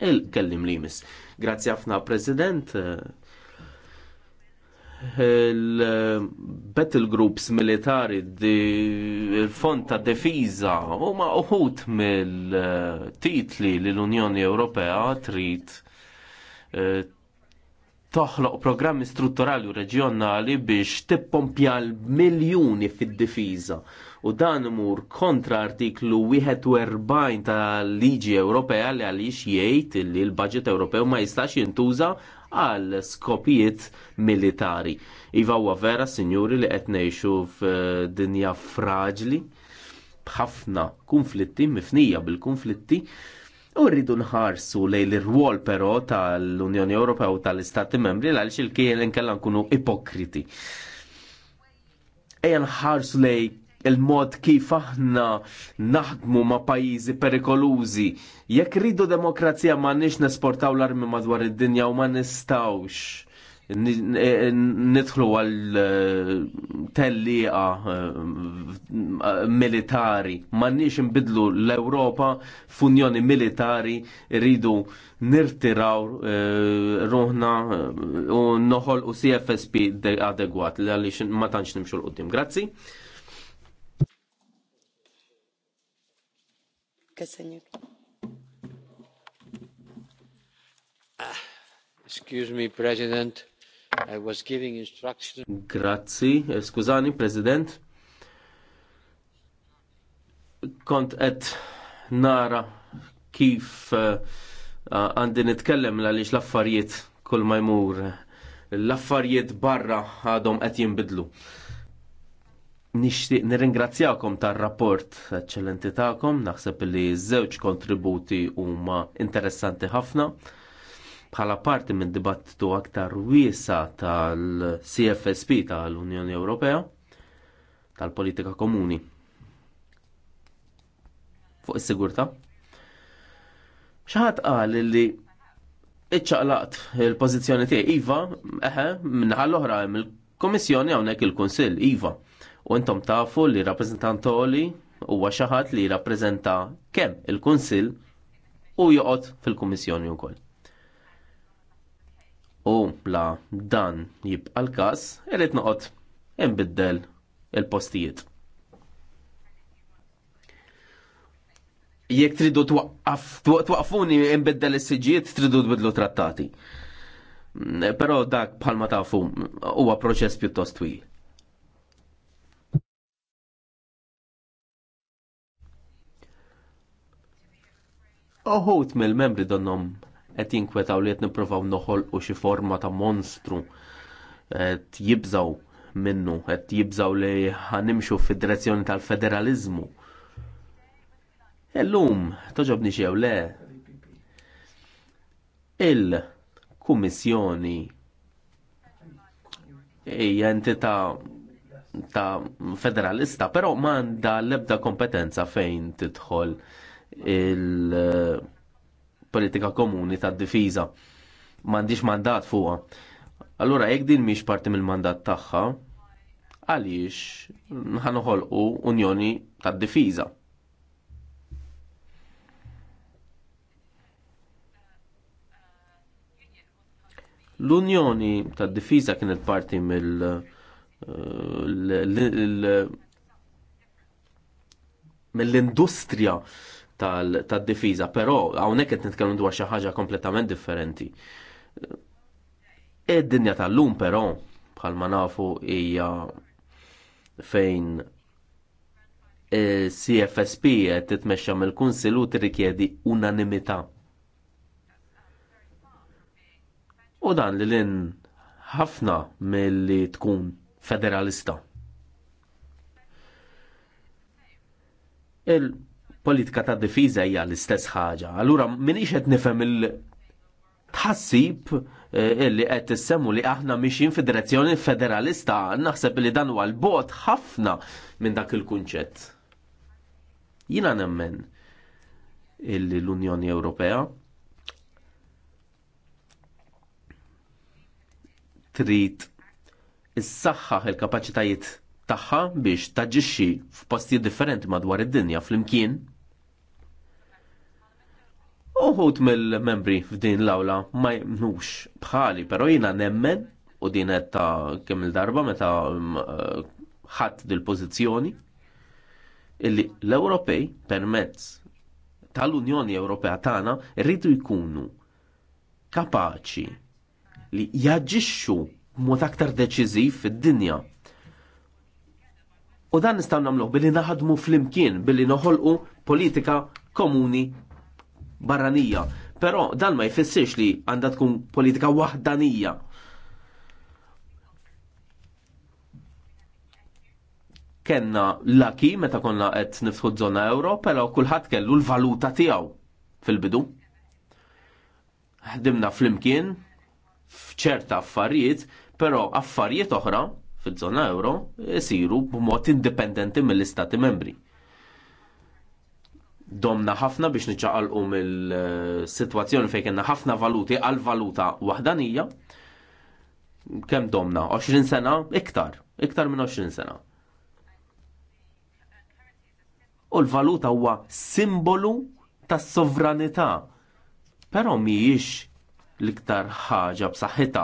Il-kellim limis. Grazzi ħafna, President il-battle groups militari, il-fond ta' defiza, u ma' uħut mill-titli li l-Unjoni Ewropea trid eh, toħloq programmi strutturali u reġjonali biex tippompja l-miljuni fid-difiża. U dan imur kontra artiklu 41 tal-Liġi Ewropea li għaliex jgħid li l-Baġit Ewropew ma jistax jintuża għal skopijiet militari. Iva huwa vera, sinjuri, li qed ngħixu f'dinja fraġli b'ħafna konflitti, mifnija bil-konflitti, U rridu nħarsu lejn l-rwol però tal-Unjoni Ewropea u tal-Istati Membri għal xil kien nkella nkunu ipokriti. Ejja nħarsu lej il-mod kif aħna naħdmu ma' pajjiżi perikolużi. Jekk rridu demokrazija ma' nix nesportaw l-armi madwar id-dinja u ma' nistawx e- e- nidħlu għal e, tellieqa militari. Ma' nix nbidlu l-Europa f'unjoni militari rridu nirtiraw ruħna u noħol u CFSP adegwat li għalix ma tantx nimxu l-qoddim. Grazzi. Köszönjük. Ah, excuse me, President. I was giving instructions. Grazzi, eh, scusani, President. Kont et nara kif eh, għandin uh, nitkellem għaliex l-affarijiet kol majmur. jmur. L-affarijiet barra għadhom et jimbidlu. Nixtieq nirringrazzjakom tar-rapport eċċellenti tagħkom, naħseb li żewġ kontributi huma interessanti ħafna. Bħala parti minn dibattitu aktar wiesa tal-CFSP tal-Unjoni Ewropea tal-politika komuni fuq is-sigurtà. Xaħat qal li iċċaqlaqt il-pożizzjoni tiegħi iva, eħe, minnaħa l-oħra hemm il komissjoni hawnhekk il-Kunsill iva. U intom tafu li rappresentant oli huwa xi ħadd li jirrappreżenta kemm il-Kunsill u joqgħod fil-Kummissjoni wkoll. U bla dan jibqa' l-każ, irid noqgħod inbiddel il-postijiet. Jekk tridu twaqqafuni imbiddel is sġijiet tridu tbiddlu trattati. Mm, però dak bħalma tafu huwa proċess pjuttost twil. Oħut mill-membri donnom qed jinkwetaw li qed nippruvaw noħol u xi forma ta' monstru qed jibżaw minnu, qed jibżaw li ħanimxu fid-direzzjoni tal-federalizmu. Illum toġobni xew le. Il-Kummissjoni hija entità ta' federalista, però m'għandha l-ebda kompetenza fejn tidħol il-politika komuni tad-difiża m'għandix mandat fuqha. Allura jekk din mhix parti mill-mandat tagħha, għaliex ħanoħolqu Unjoni tad-Difiża. L-Unjoni tad-Difiża kienet parti mill eh, mill-industrija tad-difiża, però hawnhekk qed nitkellmu dwar xi ħaġa kompletament differenti. Id-dinja tal-lum però bħalma nafu hija fejn e, CFSP qed titmexxa mill-Kunsill u tirrikjedi unanimità. U dan li lin ħafna milli tkun federalista politika ta' difiża hija l-istess ħaġa. Allura miniex qed nifhem il- tħassib eh, li qed issemmu li aħna mixin fi direzzjoni federalista naħseb li dan huwa l-bot ħafna minn dak il-kunċett. Jina nemmen illi l-Unjoni Ewropea trid is-saħħaħ il-kapaċitajiet tagħha biex taġixxi f'postijiet differenti madwar id-dinja flimkien Uħut mill-membri f'din l-awla ma jmnux bħali, pero jina nemmen u din etta kemm il-darba meta mm, eh, ħadd dil-pożizzjoni illi l-Ewropej permezz tal-Unjoni Ewropea tagħna rridu jkunu kapaċi li jaġixxu b'mod aktar deċiżiv fid-dinja. U dan nistgħu nagħmluh billi naħadmu flimkien billi noħolqu politika komuni barranija. Però dan ma jfissirx li għandha tkun politika wahdanija. Kenna laki meta konna qed niftħu żona euro, però kulħadd kellu l-valuta tiegħu fil-bidu. Ħdimna flimkien f'ċerta affarijiet, però affarijiet oħra fil-żona euro jisiru b'mod indipendenti mill-istati membri domna ħafna biex niċċaqalqu mill-sitwazzjoni fejn kellna ħafna valuti għal valuta waħdanija kemm domna 20 sena iktar, iktar minn 20 sena. U l-valuta huwa simbolu tas sovranità però mhijiex l-iktar ħaġa b'saħħitha.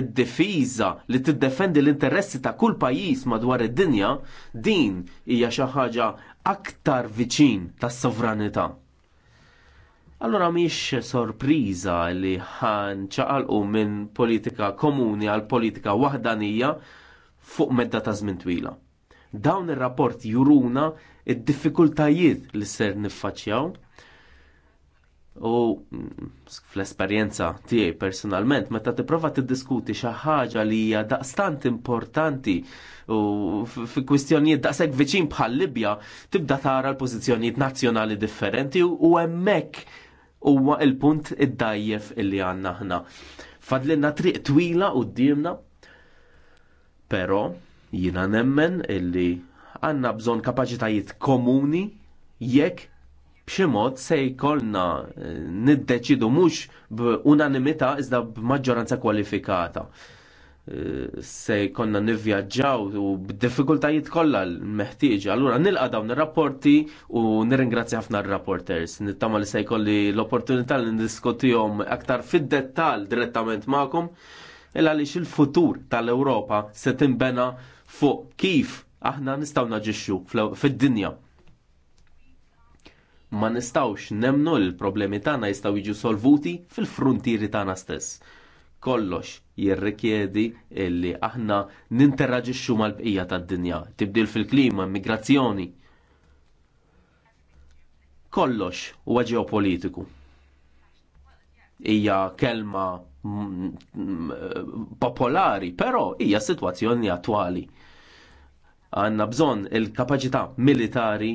Id-difiża li tiddefendi l-interessi ta' kull pajjiż madwar id-dinja din hija xi ħaġa aktar viċin tas-sovranità. Allora miex sorpriża li ħan ċaqalqu minn politika komuni għal politika waħdanija fuq medda ta' żmien twila. Dawn ir-rapport juruna id-diffikultajiet li ser niffaċċjaw U mm, fl-esperjenza tiegħi personalment, meta tipprova tiddiskuti xi ħaġa li hija daqstant importanti u fi kwistjonijiet daqshekk viċin bħal Libja, tibda tara l-pożizzjonijiet nazzjonali differenti u hemmhekk huwa l punt id-dajjef illi għandna aħna. Fadlinna triq twila qudiemna, però jiena nemmen illi għandna bżonn kapaċitajiet komuni jekk b'xi mod se jkollna eh, niddeċidu mhux b'unanimità iżda b'maġġoranza kwalifikata eh, se jkollna nivvjaġġaw u b'diffikultajiet kollha l-meħtieġ. Allura nilqa dawn ir-rapporti u nirringrazzja ħafna r-rapporters. Nittama li se jkolli l-opportunità li niddiskutihom aktar fid-dettall direttament magħkom illa għaliex il-futur tal-Ewropa se timbena fuq kif aħna nistgħu naġixxu fid-dinja ma nistawx nemnu l-problemi tagħna jistgħu jiġu solvuti fil-frontieri tagħna stess. Kollox jirrikjedi illi aħna ninteraġixxu mal-bqija tad-dinja, tibdil fil-klima, immigrazzjoni. Kollox huwa ġeopolitiku. Hija kelma popolari, però hija sitwazzjoni attwali. Għandna bżonn il-kapaċità militari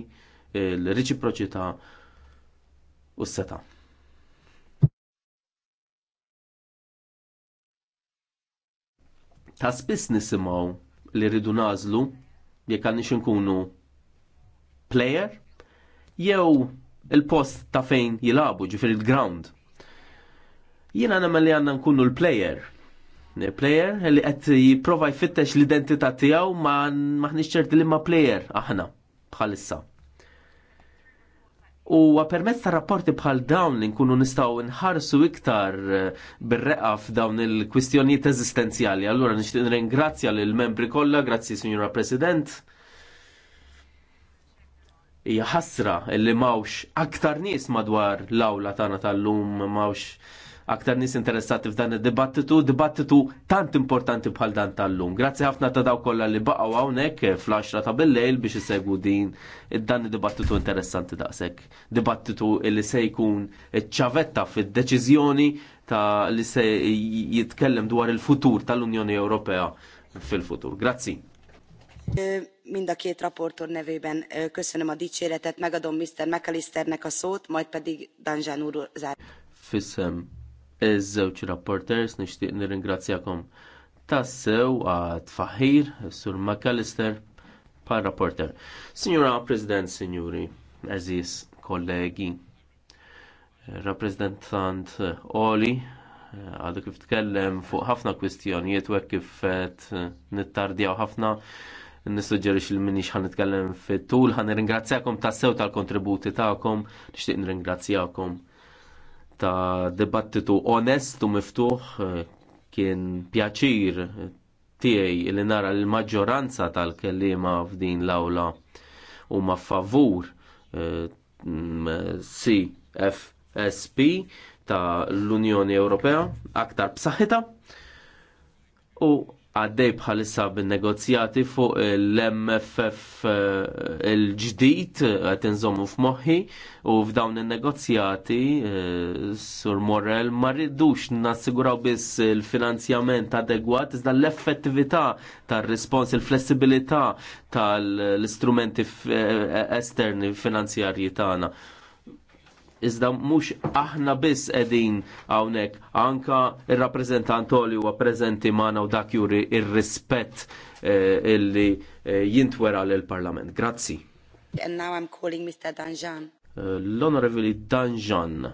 il-reċiproċità u s-seta. Ta' spiss nisimgħu li rridu nażlu jekk għandix inkunu player jew il-post ta' fejn jilabu ġifir il-ground. Jiena nemmen li għandna nkunu l-player player li qed jipprova jfittex l-identità tiegħu ma maħniex ċerti li ma player aħna bħalissa. U permezz ta' rapporti bħal dawn nkunu nistaw nħarsu iktar eh, bir-reqa f'dawn il-kwistjonijiet eżistenzjali. Allura nixtieq ringrazzja lil membri kollha, grazzi Signora President. Hija ħasra li mawx aktar nies madwar l-awla tagħna tal-lum mawx aktar nis interessati f'dan id-dibattitu, dibattitu tant importanti bħal dan tal-lum. Grazzi ħafna ta' daw kolla li baqgħu hawnhekk eh, fl ta' bil-lejl biex isegwu din dan id-dibattitu interessanti daqshekk. Dibattitu li se jkun ċavetta fid-deċiżjoni ta' li se jitkellem dwar il-futur tal-Unjoni Ewropea fil-futur. Grazzi. Eh, Mind a két raportor nevében eh, köszönöm a dicséretet, megadom Mr. McAllisternek a szót, majd pedig Danzsán úr zár iż-żewġ rapporters nixtieq nirringrazzjakom tassew għat faħir sur McAllister par rapporter. Signora President, Signori, eżis kollegi, rappresentant Oli, għadu kif tkellem fuq ħafna kwistjonijiet u kif nittardjaw ħafna nissuġġerix li minix ħan nitkellem fit-tul ħan tas tassew tal-kontributi tagħkom, nixtieq nirringrazzjakom ta' dibattitu onest u miftuħ eh, kien pjaċir tiegħi li nara l-maġġoranza tal-kellima f'din l-awla huma favur eh, CFSP ta' l-Unjoni Ewropea aktar b'saħħitha u għaddej bħalissa bin-negozjati fuq l-MFF eh, il-ġdid qed inżommu f'moħħi u f'dawn in-negozjati eh, sur Morel ma rridux nassiguraw biss il-finanzjament adegwat iżda l-effettività tar-rispons il-flessibilità tal-istrumenti eh, esterni finanzjarji tagħna iżda mhux aħna biss qegħdin hawnhekk anka r rappreżentant li huwa preżenti magħna u dak juri r rispett eh, illi eh, jintwera lill parlament Grazzi. And now I'm calling Mr. Danjan. Eh, L-Onorevoli Danjan.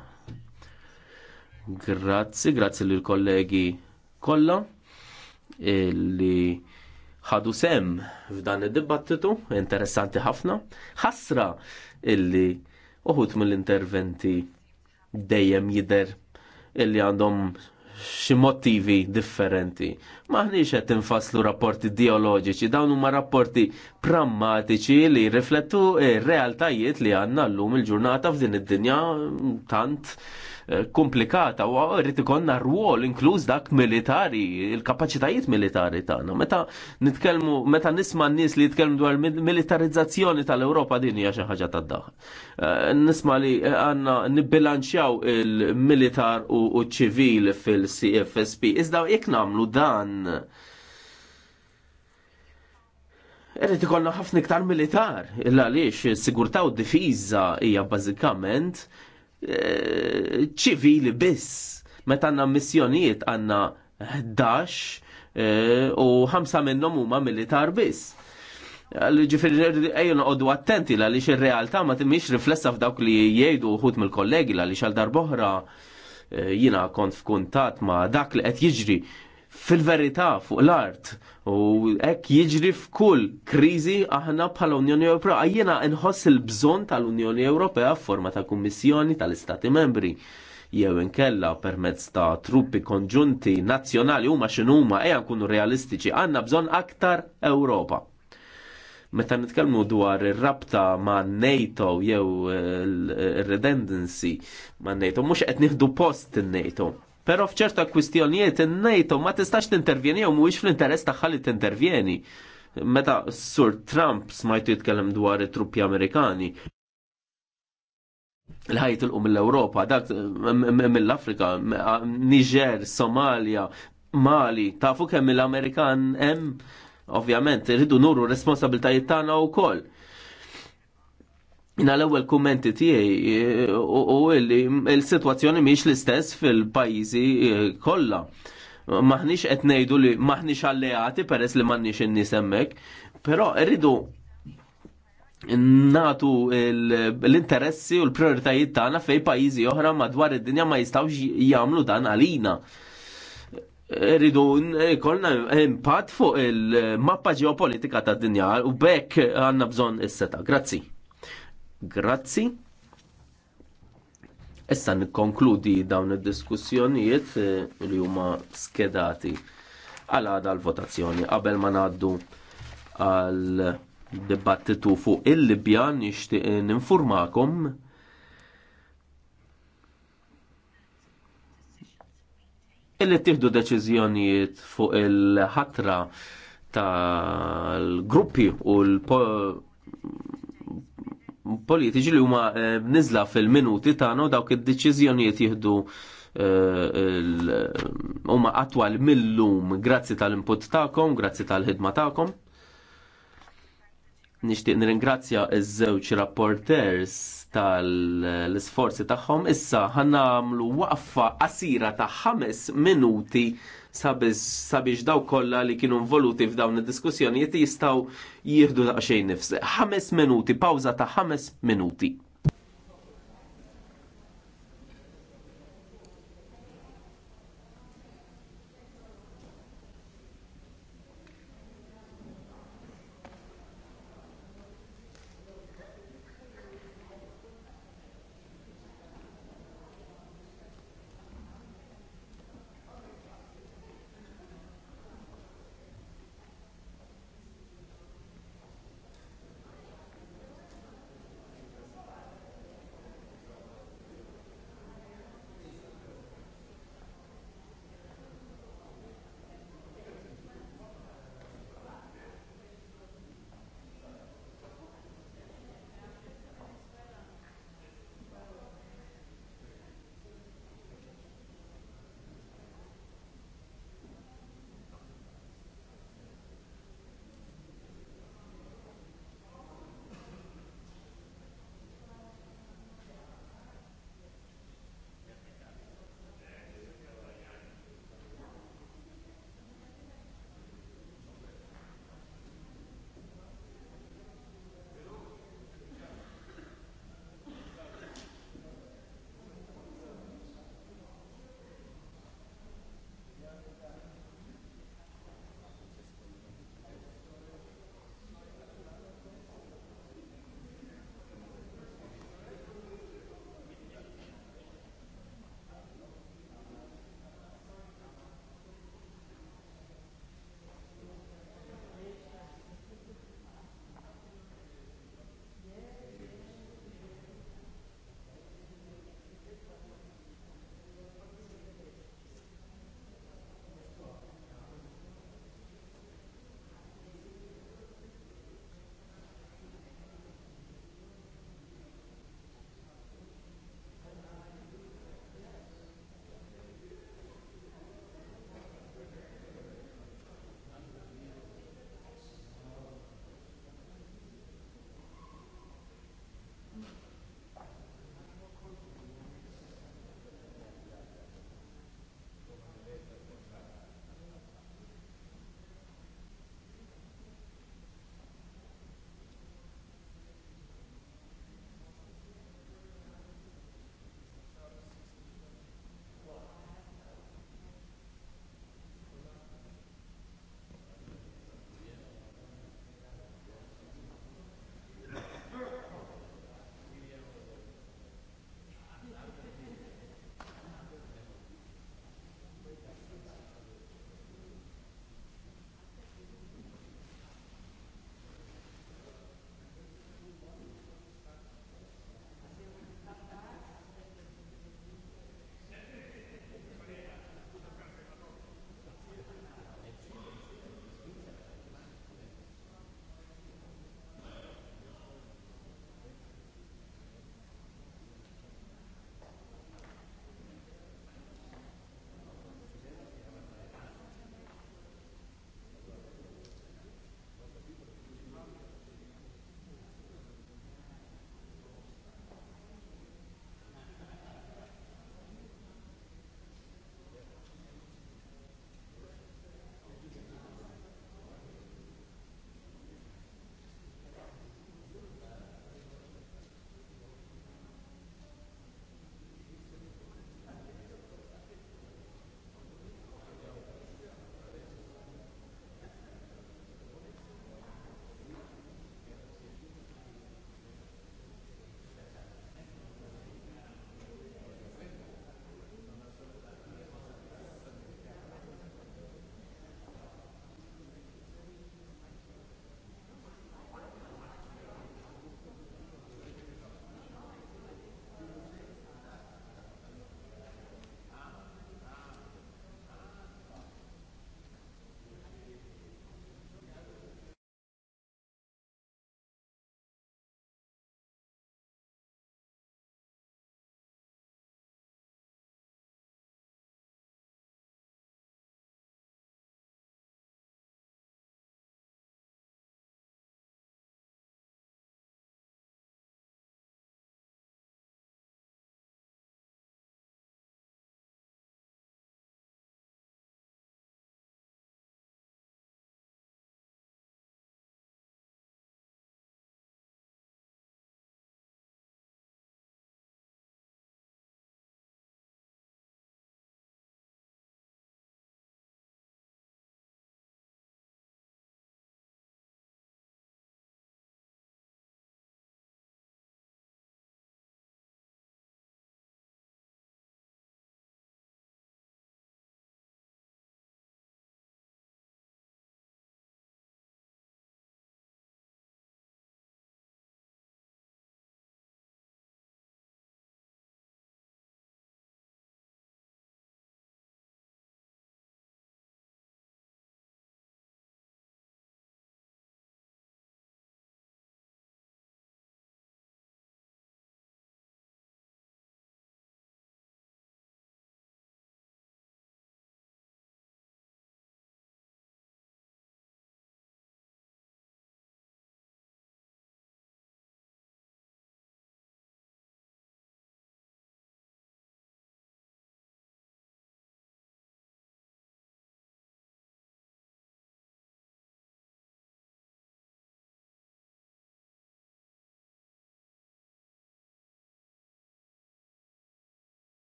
Grazzi, grazzi lill kollegi kollha illi ħadu sem f'dan id-dibattitu, interessanti ħafna. Ħasra illi uħut mill-interventi dejjem jider illi għandhom xi motivi differenti. Maħniex qed infaslu rapporti ideoloġiċi, dawn huma rapporti prammatiċi li riflettu r realtajiet li għandna llum il-ġurnata f'din id-dinja tant komplikata u rrid ikonna rwol inkluż dak militari, il-kapaċitajiet militari tagħna. Meta nitkellmu meta nisma' n-nies li jitkellmu dwar militarizzazzjoni tal-Ewropa din hija xi ħaġa tad daħ eh, Nisma' li għandna nibbilanċjaw il-militar u ċivil fil-CFSP. Iżda jekk nagħmlu dan Irrid ikollna ħafna iktar militar, illa għaliex is-sigurtà u d-difiża hija bażikament Eh, ċivili biss. Meta għandna missjonijiet għandna 11 eh, u 5 minnhom huma militar biss. Ġifiri, ejju noqogħdu attenti għaliex ir-realtà ma timiex riflessa f'dawk li jgħidu uħut mill-kollegi li għal darboħra eh, jina kont f'kuntat ma dak li qed jiġri fil-verità fuq l-art u hekk jiġri f'kull kriżi aħna bħala Unjoni Ewropea jiena nħoss il-bżonn tal-Unjoni Ewropea f'forma ta' Kummissjoni tal-Istati Membri jew inkella permezz ta' truppi konġunti nazzjonali huma x'inhuma ejja nkunu realistiċi għandna bżonn aktar Ewropa meta nitkellmu dwar ir-rabta ma' NATO jew il-redundancy ma' NATO, mhux qed nieħdu post in-NATO. Pero f'ċerta kwistjonijiet in-NATO ma tistax t-intervjeni u mhuwiex fl-interess tagħha li t-intervjeni. Meta Sur Trump smajtu jitkellem dwar it-truppi Amerikani l-ħajt l-qum mill-Europa, dak mill-Afrika, Niger, Somalia, Mali, tafu kemm l-Amerikan hemm ovvjament irridu nuru responsabiltajiet tagħna wkoll Jina l-ewel kummenti tiegħi eh, u l-sitwazzjoni mhix l-istess fil-pajjiżi eh, kollha. Maħniex qed ngħidu li maħniex alleati peress li m'għandniex in-nies hemmhekk, però rridu natu l-interessi u l-prioritajiet tagħna fejn pajjiżi oħra madwar id-dinja ma jistgħux jagħmlu dan għalina rridu kollna impatt fuq il-mappa ġeopolitika tad dinja u bekk għandna bżonn is-seta. Grazzi. Grazzi. Issa nikkonkludi dawn id-diskussjonijiet eh, li huma skedati għal għada l-votazzjoni. Qabel ma ngħaddu għal dibattitu fuq il-Libja nixtieq ninformakom illi tieħdu deċiżjonijiet fuq il-ħatra tal-gruppi u l politiċi li huma eh, nizla fil-minuti tagħna dawk id-deċiżjonijiet jieħdu eh, huma attwal millum grazzi tal-input tagħkom, grazzi tal-ħidma tagħkom. Nixtieq nirringrazzja iż-żewġ rapporters tal-sforzi tagħhom. Issa ħannamlu waqfa qasira ta' ħames minuti sabiex daw kollha li kienu involuti f'dawn id-diskussjonijiet jistgħu jieħdu daqsxejn nifsi. Ħames minuti, pawża ta' ħames minuti.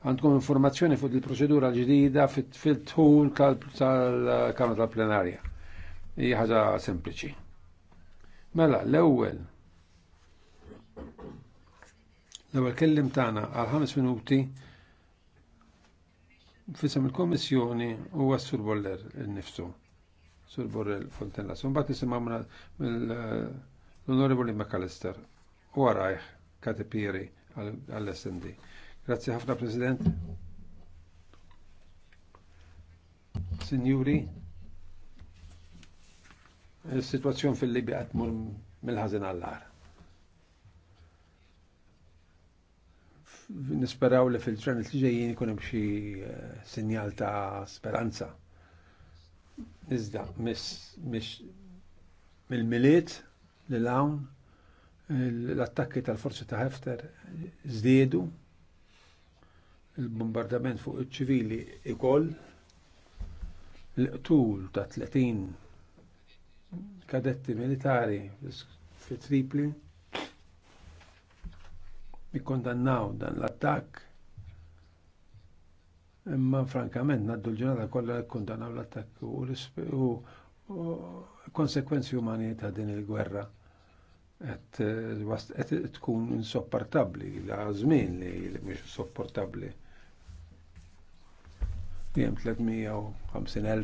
għandkom informazzjoni fuq il-proċedura ġdida fit-tħul tal-Kamra tal-Plenarja. Hija ħaġa sempliċi. Mela, l-ewwel l-ewwel kellim tagħna għal ħames minuti fisem il-Kommissjoni huwa Sur Boller nifsu. Sur Borrell Fontella. Mbagħad nisimgħu l-Onorevoli McAllister. Warajħ, Katipieri għall-SND. Grazie ħafna President. Signori, il-situazzjon fil-Libja għatmur mill-ħazin allar. Nisperaw li fil ġran li ġejjin ikun hemm xi eh, sinjal ta' speranza. Iżda miss mill-miliet lil hawn l-attakki tal-forzi ta' Hefter żdiedu il-bombardament fuq iċ-ċivili ikoll l-qtul ta' 30 kadetti militari fi Tripli ikkondannaw dan l-attakk imma frankament naddu l-ġurnata kollha ikkondannaw l-attakk u konsekwenzi umani ta' din il-gwerra qed tkun insopportabbli, la żmien li mhix sopportabbli dejjem 350.000 eh,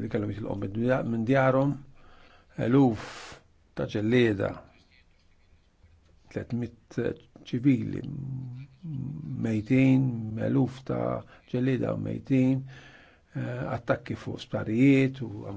li kellhom jitilqom minn djarhom, eluf ta' ġellieda 300 eh, ċivili mejtin, eluf ta' u mejtin, eh, attakki fuq sparijiet u